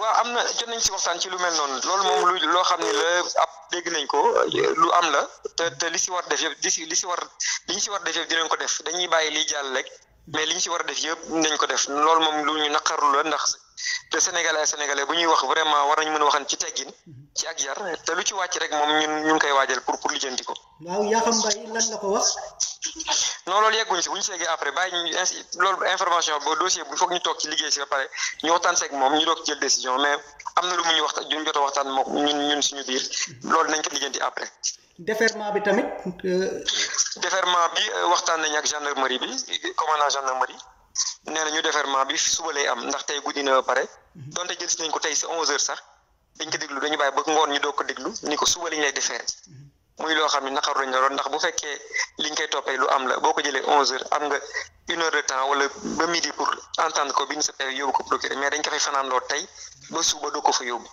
waaw am na jot nañ si waxtaan ci lu mel noonu loolu moom lu loo xam ni la ab dégg nañ ko lu am la te te li si war def yëpp li si war li ñu si war def yëpp dinañ ko def dañuy bàyyi liy jàll rek mais li ñu si war a def yëpp nañ ko def loolu moom lu ñu naqarlu la ndax te sénégalais ay sénégalais bu ñuy wax vraiment war nañ mën a waxan ci teggin ci ak yar te lu ci wàcc rek moom ñun ñu ngi koy waajal pour pour lijjanti ko. non loolu yegguñu si bu ñu si après bàyyi ñu loolu information ba dossier bu foog ñu toog ci liggéey si ba pare ñu waxtaan seeg moom ñu doog jël décision mais am na lu mu ñu waxtaan ñu jot a waxtaan moom ñun ñun suñu biir loolu nañ ko lijjanti après. déferment bi tamit. Euh, déferment bi euh, waxtaan nañ ak gendarmerie bi commandant gendarmerie nee na ñu déferment bi suba lay am ndax tey guddi na pare mhm. donte jël si ko tey si 11h sax dañ ko déglu dañu bàyyi ba ngoon ñu doog ko déglu ni ko suba lañ lay déférer. muy loo xam ne naqar lañ la doon ndax bu fekkee liñ koy toppee lu am la boo ko jëlee onze heures am nga une heure de temps wala ba midi pour entendre ko bi ñu sa pay yóbbu ko procureur mais dañ ko fay fanaandoo tey ba suba doo ko fa yóbbu